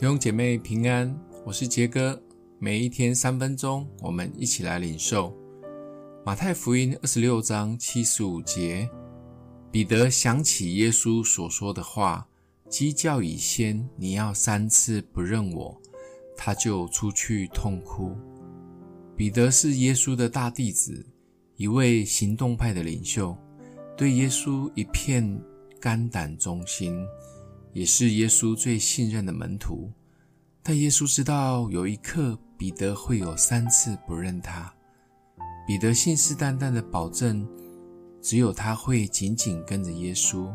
弟兄姐妹平安，我是傑哥。每一天三分鐘，我們一起來領受馬太福音二十六章七十五節。彼得想起耶穌所說的話：“雞叫以先，你要三次不認我。”他就出去痛哭。彼得是耶穌的大弟子，一位行動派的領袖，對耶穌一片肝膽忠心，也是耶穌最信任的門徒。但耶穌知道，有一刻彼得會有三次不認他。彼得信誓旦旦的保證，只有他會緊緊跟着耶穌。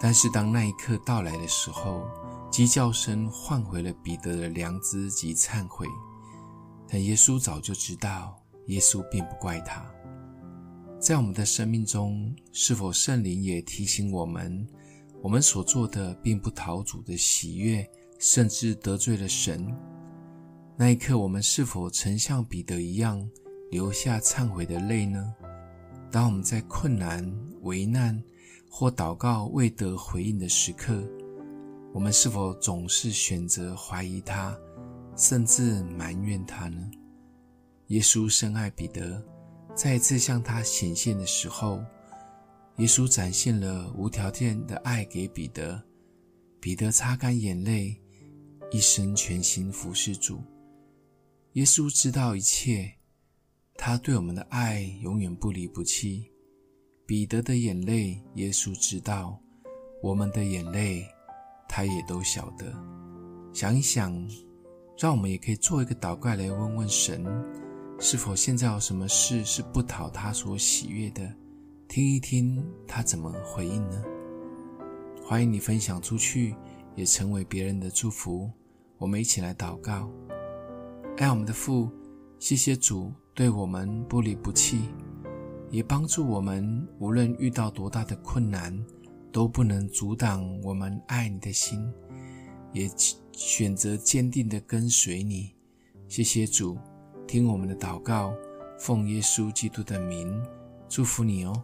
但是當那一刻到來的時候，雞叫聲喚回了彼得的良知及懺悔。但耶穌早就知道，耶穌並不怪他。在我們的生命中，是否聖靈也提醒我們，我們所做的並不討主的喜悅？甚至得罪了神，那一刻，我們是否曾像彼得一樣流下懺悔的淚呢？當我們在困難、危難或禱告未得回應的時刻，我們是否總是選擇懷疑他，甚至埋怨他呢？耶穌深愛彼得，再次向他顯現的時候，耶穌展現了無條件的愛給彼得。彼得擦乾眼淚。一生全心服侍主，耶穌知道一切，他對我們的愛永遠不離不棄。彼得的眼淚，耶穌知道；我們的眼淚，他也都曉得。想一想，讓我們也可以做一個禱告，來問問神，是否現在有什麼事是不討他所喜悅的？聽一聽他怎麼回應呢？歡迎你分享出去，也成為別人的祝福。我們一起來禱告，愛我們的父，謝謝主對我們不離不棄，也幫助我們，無論遇到多大的困難，都不能阻擋我們愛你的心，也選擇堅定的跟隨你。謝謝主，聽我們的禱告，奉耶穌基督的名，祝福你哦。